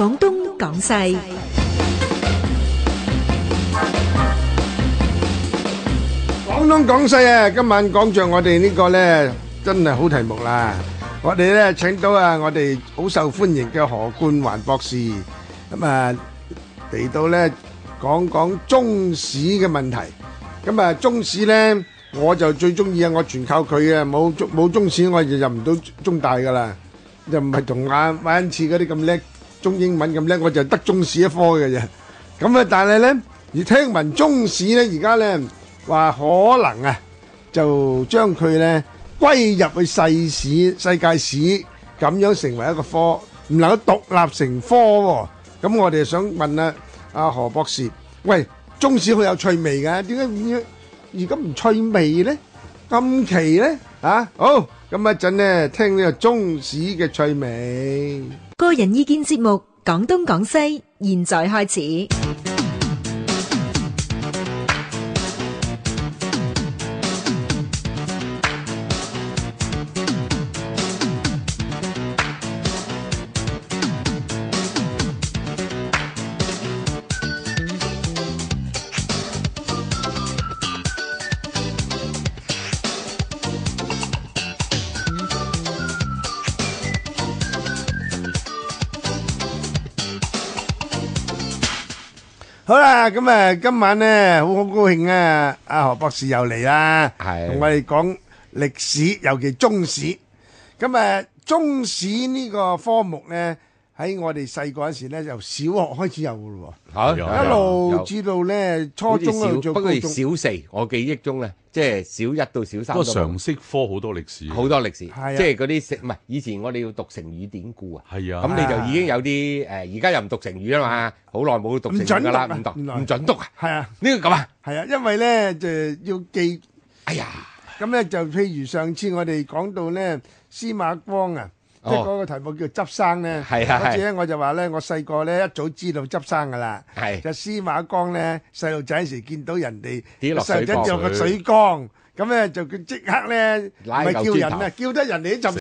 廣東廣西，廣東廣西啊！今晚講著我哋呢個咧，真係好題目啦！我哋咧請到啊，我哋好受歡迎嘅何冠環博士，咁啊嚟到咧講講中史嘅問題。咁啊中史咧，我就最中意啊！我全靠佢啊，冇中冇中史，我我就入唔到中大噶啦，就唔係同阿温似嗰啲咁叻。中英文咁叻，我就得中史一科嘅啫。咁啊，但係咧，而聽聞中史咧，而家咧話可能啊，就將佢咧歸入去世史、世界史，咁樣成為一個科，唔能夠獨立成科。咁我哋想問啊，阿何博士，喂，中史好有趣味㗎，點解而家唔趣味咧？今期咧啊，好。咁一陣咧，聽呢個中史嘅趣味。個人意見節目，講東講西，現在開始。好啦，咁啊，今晚咧，好好高興啊！阿何博士又嚟啦，係同我哋講歷史，尤其中史。咁啊，中史呢個科目咧。喺我哋細個嗰時咧，由小學開始有噶咯喎，一路至到咧初中咧做。不過小四，我記憶中咧，即係小一到小三都常識科好多歷史，好多歷史，即係嗰啲成唔係以前我哋要讀成語典故啊，咁你就已經有啲誒，而家又唔讀成語啊嘛，好耐冇讀成語㗎啦，唔讀唔準讀啊，係啊，呢個咁啊，係啊，因為咧就要記，哎呀，咁咧就譬如上次我哋講到咧，司馬光啊。即係個題目叫執生咧，係啊，嗰次咧我就話咧，我細個咧一早知道執生㗎啦，是啊、是就司馬光咧細路仔時見到人哋跌落水缸，咁咧他就佢即刻咧咪叫人啊，叫得人哋一陣。